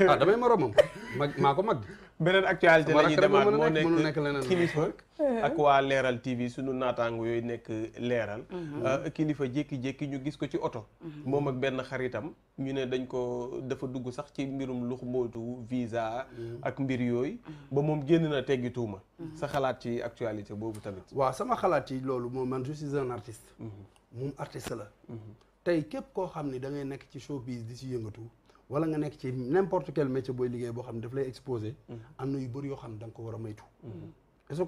ah damay moromam mag maa ko mag. beneen actualité la ñuy demaat moo nekk kilifa ak eh. waa leeral TV sunu naataango yooyu nekk leeral. Mhm. Euh, kilifa jékki-jékki ñu gis ko ci oto. Mhm. moom ak benn xaritam ñu ne dañ ko dafa dugg sax ci mbirum lux mbootu visa. Mhm. ak mbir yooyu. ba moom génn na teggi tuuma. sa xalaat ci actualité boobu tamit. waaw sama xalaat ci loolu moom man je suis la. tey képp koo xam ni da ngay nekk ci showbiz di si yëngatu. wala nga nekk ci n'importe quel métier booy liggéey boo xam ne daf lay exposé mm-hmm. am na yu bëri yoo xam ne da nga ko war a moytu mm-hmm. est-ce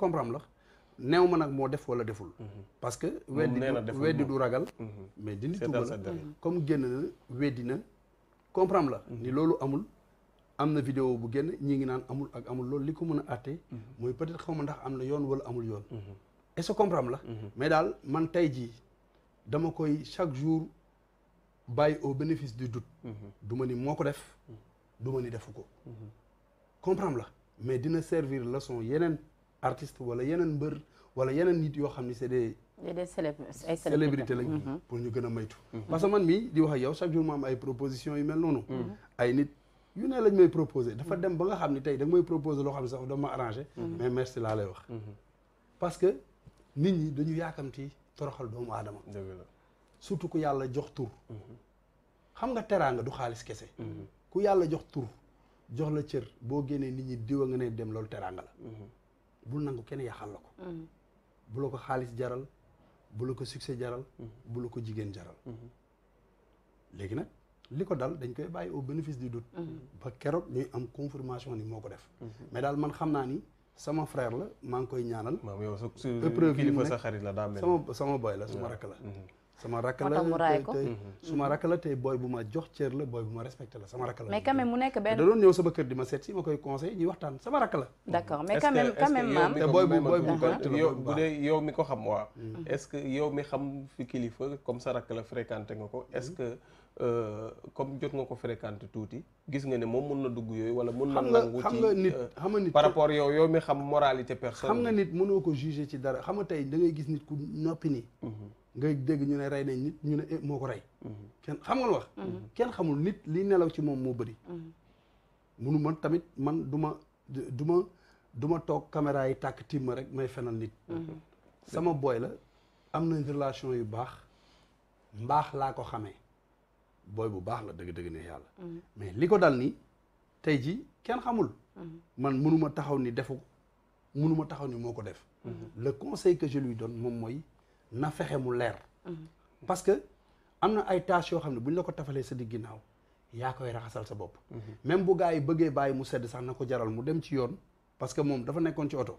la ma nag moo def wala deful mm-hmm. parce que la comme génn na weddi na ni loolu amul am na vidéo bu génn ñi ngi naan amul ak amul loolu li ko mën a àtte mooy peut xaw ma ndax am na yoon wala amul yoon est-ce la mais daal man tey jii dama koy chaque jour bàyyi au bénéfice du doute. Mhm. du ma ni moo ko def. Mhm. du ma ni defu ko. Mhm. comprendre la mais dina servir leçon yeneen artiste wala yeneen mbër wala yeneen nit yoo xam ni c'est des. des ay célébrité lañ pour ñu gën a maytu. parce que man mii di wax ak yow chaque jour am ay proposition yi mel noonu. ay nit yu ne lañ may proposé. dafa dem ba nga xam ni tey da nga may proposé loo xam ne sax dama arrangé. mais merci laa lay wax. parce que nit ñi dañu yaakamti toroxal doomu aadama. dëgg surtout ku yàlla jox tur mhm. xam nga teraanga du xaalis kese mhm. ku yàlla jox tur jox la cër boo génnee nit ñi diwa nga ne dem loolu teraanga la mhm. bul nangu kenn yaxal la ko mm. bu la ko xaalis jaral bu la ko succès jaral bu la ko jigéen jaral léegi nag li ko dal dañ koy bàyyi au bénéfice du doute mm. ba keroog ñuy am confirmation ni moo ko def mais daal man xam naa ni sama frère la maa ngi koy ñaanal maam yow sa kilifa sa daa sama sama la suma rakk la sama rakk la mu raay ko mhm. suma rakk jox cër la booy bu ma la sama rakk la mais quand mu nekk benn da doon ñëw sama kër di ma seet si ma koy conseil ñuy waxtaan sama rakk la d'accord mhm. mais quand maam te booy bu booy bu yow bu dee yow mi ko xam waa mhm. est-ce que yow mi xam fi kilifa comme sa rakk la fréquenté nga ko est-ce que Euh, comme jot nga ko fréquenté tuuti gis nga ne moom mun na dugg yooyu wala mun na nangu ci xam nga nit euh, xam nga nit par rapport yow yow mi xam moralité personne xam nga nit mënoo ko juger ci dara xam nga tey da ngay gis nit ku noppi nii mhm. nga ñu ne rey nañ nit ñu ne eh, moo ko rey mhm. kenn xam nga wax mhm. kenn xamul nit li nelaw ci moom moo bëri munu man tamit man du ma du du ma toog caméra yi tàkk tiim ma rek may fenal nit sama booy la am nañ relation yu baax mbaax laa ko xamee booy bu baax la dëgg-dëgg ne yàlla. Mm. mais li ko dal nii tey jii kenn xamul. Mm. man mënuma taxaw ni defu mënuma taxaw ni moo ko def. Mm-hmm. le conseil que je lui donne moom mooy na fexe mu leer. Mm-hmm. parce que am na ay tâches yoo xam ne bu ñu la ko tafalee sa di ginnaaw yaa koy raxasal sa bopp. Mm-hmm. même bu gaa yi bëggee bàyyi mu sedd sax na ko jaral mu dem ci yoon parce que moom dafa nekkoon ci oto.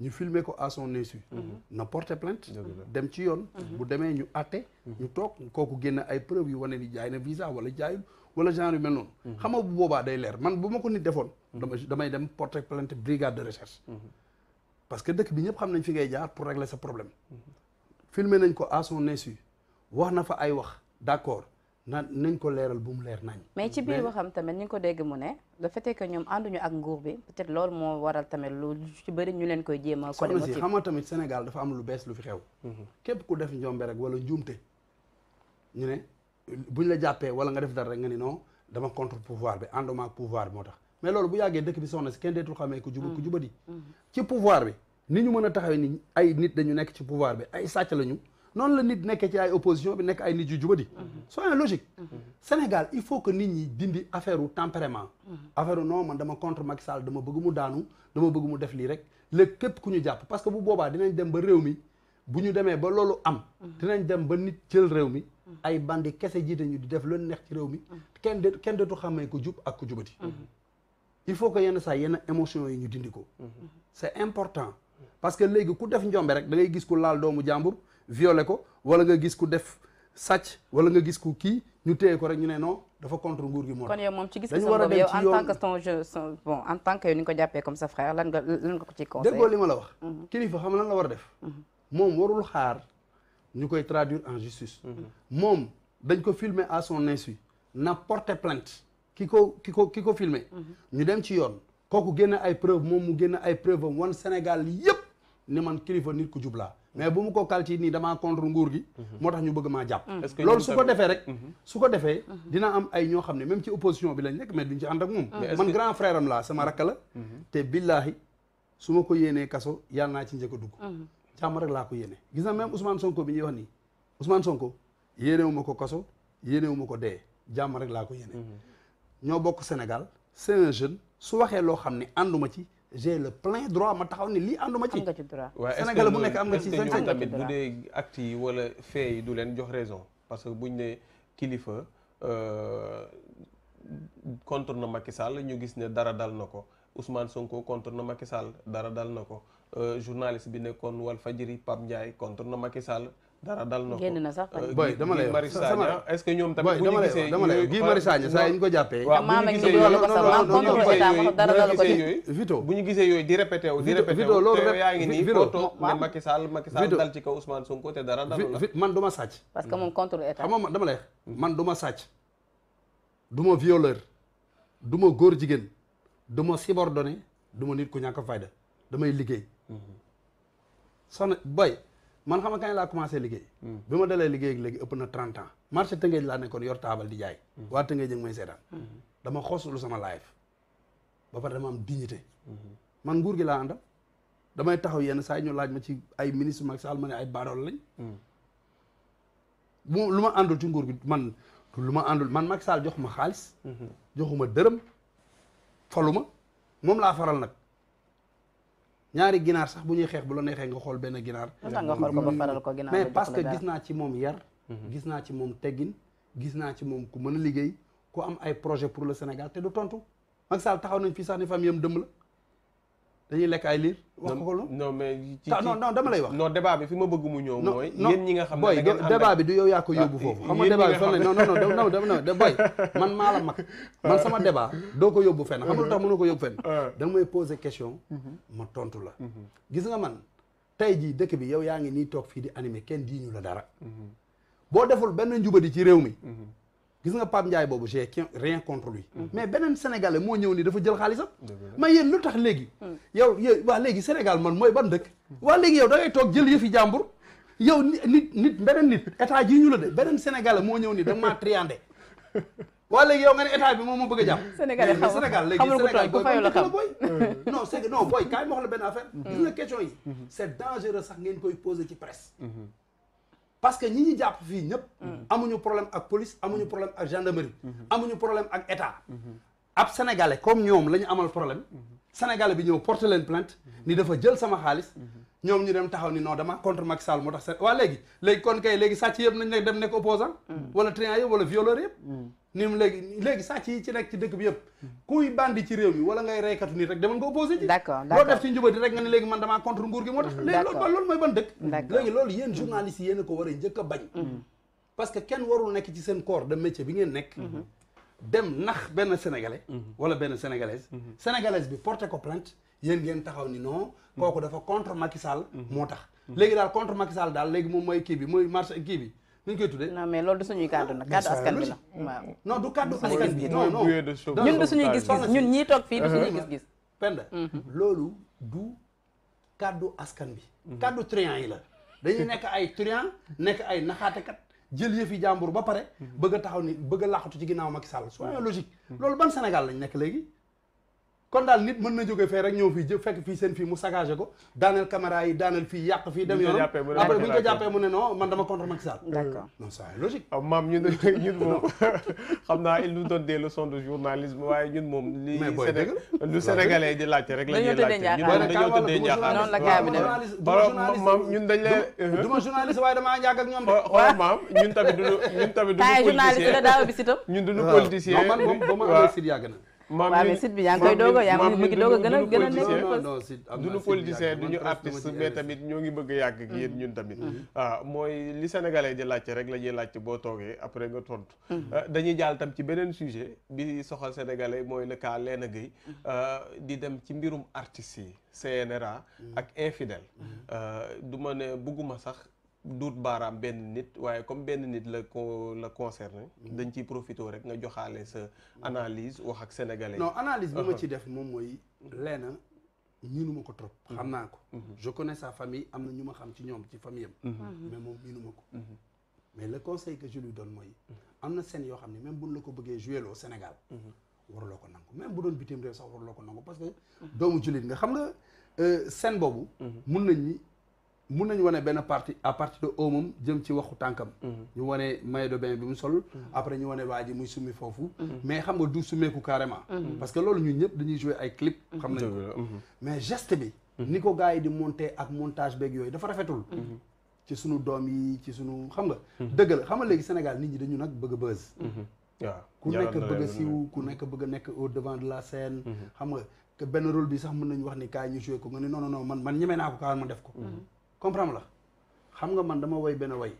ñu filme ko à son insu mhm. na porter plainte dem ci yoon mhm. bu demee ñu àtte mhm. ñu toog kooku génn ay preuve yu wane ni jaay na visa wala jaayul wala genre yu mel noonu xam nga bu boobaa day leer man bu ma ko nit defoon damay dem porter plainte brigade de recherche parce que dëkk bi ñëpp xam nañ fi ngay jaar pour régler sa problème filmer nañ ko à son insu wax na fa ay wax d'accord na nañ ko leeral bu mu leer nañ mais ci biir waxam tamit ñu ngi ko dégg mu ne le fait que ñoom ànduñu ak nguur bi peut-être loolu moo waral tamit lu ci bëri ñu leen koy jéem a soxna si xam tamit Sénégal dafa am lu bees lu fi xew mhm. képp ku def njombe rek wala njuumte ñu ne buñ la jàppee wala nga def dara rek nga ni non dama contre pouvoir bi ànduma ak pouvoir moo tax mais loolu bu yàggee dëkk bi soxna si kenn deetul xamee ku juba ku mhm. jubadi mhm. ci pouvoir bi ni ñu mën a taxawee ni ay nit dañu nekk ci pouvoir bi ay sàcc lañu noonu la nit nekkee ci ay opposition bi nekk ay nit yu jubadi soyons logique Sénégal il faut que nit ñi dindi affaire wu tempérament affaire u non man dama contre Macky Sall dama bëgg mu daanu dama bëgg mu def lii rek léeg képp ku ñu jàpp parce que bu boobaa dinañ dem ba réew mi bu ñu demee ba loolu am dinañ dem ba nit jël réew mi ay bandi kese jiite ñu di def lu neex ci réew mi kenn de kenn dootu xamee ko jub ak ko jubati il faut que yenn sax yenn émotion yi ñu dindi ko c'est important parce léegi ku def njombe rek da gis ku laal doomu jàmbur violé ko wala nga gis ku def sàcc wala nga gis ku kii ñu téye ko rek ñu ne non dafa contre nguur gi moo kon yow moom ci gis dañu war a dem ci yow en ko jàppee comme sa frère lan nga lan nga ko ci conseil déggoo li ma la wax mhm. kilifa xam lan la war a def mhm. moom warul xaar ñu koy traduire en justice mhm. moom dañ ko filmer à son insu na porté plainte ki ko ki ko ki ko filmer ñu dem ci yoon kooku génne ay preuve moom mu génne ay preuve am wan Sénégal yépp ne man kilifa nit ku jublaa mais bu mu ko kal nii damaa contre nguur gi mhm. moo tax ñu bëgg maa jàpp loolu mhm. su ko defee rek su ko defee dina am ay ñoo xam ne même ci opposition bi lañ nekk mais duñ ci ànd ak moom man grand frère am laa sama rakk la mhm. te billaahi su ma ko yéenee kaso yàlla naa ci njëkk a dugg jàmm rek laa ko yéene gis na même Ousmane Sonko bi ñuy wax nii Ousmane Sonko yéenewu ma ko kaso yéenewu ma ko dee jàmm rek laa ko yéene ñoo bokk Sénégal c'est jeune su waxee loo xam ne ànduma ci j'ai le plein droit ma taxaw ni lii ànduma ci. am nga ci droit Sénégal bu nekk am nga ci sañ tamit bu dee actes yi wala faits yi du leen jox raison parce que bu ñu ne kilifa euh, contre na Macky Sall ñu gis ne dara dal na ko Ousmane Sonko contre na Macky Sall dara dal na ko euh, journaliste bi nekkoon Walfadjri Pape Ndiaye contre na Macky Sall dara dal na génn na sax boy dama lay wax est-ce que ñoom tamit bu dama lay Guy Marius Sagna vito bu ñu gisee yooyu di répété wu di répété wu te yaa ngi nii foo toog man du ma sàcc parce que moom contre état xam dama lay du ma sàcc violeur du góor jigéen du ma subordonné du ma nit ku ñàkk fayda damay liggéey mhm. soxna boy man xam a kañ laa commencé liggéey hmm. bi ma dalee liggéey ak léegi ëpp na trente ans marché Tëngéej laa nekkoon yor taabal di jaay hmm. waa Tëngéej jëng may seetaan hmm. dama xoslu sama live ba pare dama am dignité man nguur gi laa àndal damay taxaw yenn saa yi ñu laaj ma ci ay ministre mag saal ma ne ay baadool lañ bu lu ma àndul ci nguur gi man lu ma àndul man mag saal jox ma xaalis joxuma dërëm faluma moom laa faral nag ñaari ginaar sax bu ñuy xeex bu la neexee nga xool benn ginaar. nga xool ko ba mais parce que gis naa ci moom yar. Mhm. gis naa ci moom teggin. gis naa ci moom ku mën a liggéey ku am ay projet pour le Sénégal te du tontu Macky Sall taxaw nañ fii sax ni famille am dëmm la. dañuy lekk ay liir wax ko lu non mais ci non non dama lay wax non débat bi fi ma bëgg mu ñëw mooy yéen ñi nga xam ne débat bi du yow yaa ko ah, yóbbu foofu xam nga débat bi fan la non non non non non boy man maa la mag man sama débat doo ko yóbbu fenn xam nga lu tax mënoo ko yóbbu fenn ah. da nga may poser question ma tontu la mm-hmm. gis nga man tey jii dëkk bi yow yaa ngi nii toog fii di animé kenn diiñu la dara mm-hmm. boo deful benn njubadi ci réew mi mm-hmm. gis nga Pape Ndiaye boobu j'ai rien contre lui mhm. mais beneen sénégalais moo ñëw ni dafa jël xaalisam mais yéen lu tax léegi hmm. yow yow waa léegi Sénégal man mooy ban dëkk waa léegi yow da toog jël yëfi jàmbur yow nit nit beneen nit état ji ñu la de beneen sénégalais moo ñëw ni da maa triandé waa léegi yow nga ne état bi moom moo bëgg a jàpp Sénégal Sénégal léegi Sénégal booy booy non c'est non booy kaay ma mhm. mhm. sax ngeen koy poser ci presse parce que ñi ñu jàpp fii ñëpp. Mm. amuñu problème ak police amuñu mm. problème ak gendarmerie. Mm-hmm. amuñu problème ak état. Mm-hmm. ab sénégalais comme ñoom la ñu amal problème. Mm-hmm. Sénégalais bi ñëw porte leen plainte ni dafa jël sama xaalis ñoom ñu dem taxaw ni non dama contre Macky Sall moo tax seen waa léegi léegi kon kay léegi sàcc yëpp nañ nekk dem nekk opposant wala triant yëpp wala violeur yëpp ni mu léegi léegi sàcc yi ci nekk ci dëkk bi yëpp kuy bandi ci réew mi wala ngay reykatu nit rek demal nga opposé ji d'accord loo def ci njubadi rek nga ni léegi man damaa contre nguur gi moo tax léegi loolu loolu mooy ban ko war a njëkk bañ mm-hmm. parce que kenn warul nekk ci seen corps de métier bi ngeen nekk mm-hmm. dem nax benn sénégalais. Mhm. wala benn sénégalaise. Mhm. sénégalaise bi porté ko plainte yéen ngeen taxaw ni non. Mhm. kooku dafa contre macisal moo tax léegi daal contre Macky daal léegi moom mooy kii bi mooy marché kii bi. ñu koy tuddee non mais loolu du suñuy kàddu nag kàddu askan bi la ah, waaw non du kàddu askan gis-gis loolu du kàddu askan bi kàddu triant yi la dañuy nekk ay triant nekk ay naxaatekat jël yëfi jàmbur ba pare mhm. bëgg a taxaw ni bëgg a laqatu ci ginnaaw Macky Sall soyons logique mhm. loolu ban Sénégal lañ nekk léegi kon daal nit mën na jóge fee rek ñëw fii fekk fii seen fii mu saccagé ko daaneel caméra yi daaneel fii yàq fii dem yoonam mu ne non man dama contre Macky Sall d'accord non ça est logique waaw ah, maam xam naa il nous donne des leçons de waaye ñun moom li lu sénégalais di laajte rek la ñuy laajte ñun noonu la gaa bi maam ñun dañ leen du ma journaliste waaye damaa yàgg ak ñoom de ñun tamit duñu ñun tamit politicien ñun duñu politicien man moom ba ma amee yàgg na maam waaw mais bi yaa ngi koy doog a yaa ngi doog gën a gën a nekk duñu politicien duñu artiste mais tamit ñoo ngi bëgg yàgg ak ñun tamit mm-hmm. ah, mooy li sénégalais di laajte rek la ñuy laajte boo toogee après nga tontu mm-hmm. ah, dañuy jàll tam ci beneen sujet bi soxal sénégalais mooy le cas Léna Gueye mm-hmm. ah, di dem ci mbirum artistes yi CNRA ak infidèle du ma ne bëgguma sax duut baaraam benn nit waaye comme benn nit la ko la concerné. Mm-hmm. dañ ciy profité rek nga joxaale sa analyse wax ak sénégalais. non analyse bi ma uh-huh. ci def moom mooy. leena miinuma ko trop. Mm-hmm. xam naa ko. Mm-hmm. je connais sa famille am na ñu ma xam ci ñoom ci famille am. mais moom miinuma ko. mais le conseil que je mooy. am na seen yoo xam ne même nu la ko bëggee joué loo Sénégal. waruloo ko nangu même bu doon bitim réew sax waruloo ko nangu parce que. doomu jullit nga xam nga euh, seen boobu. mun nañ ni. mun nañu wane benn partie à partir de omam jëm ci waxu tànkam mm-hmm. ñu wane maillot de bain bi mu sol mm-hmm. après ñu wane waa ji muy summi foofu mm-hmm. mais xam nga du summeeku carrément parce que loolu ñu ñëpp dañuy jouer ay clip xam nañ mais geste bi ni ko gars yi di monter ak montage beeg yooyu dafa rafetul ci sunu doom yi ci sunu xam nga dëgg la xam nga léegi Sénégal nit ñi dañu nag bëgg a buzz waaw ku nekk bëgg a siiw ku nekk bëgg a nekk de devant de la scène xam nga benn rôle bi sax mën nañu wax ni kaay ñu joué ko nga man man ñemee naa ko comprendre la xam nga man dama woy benn woy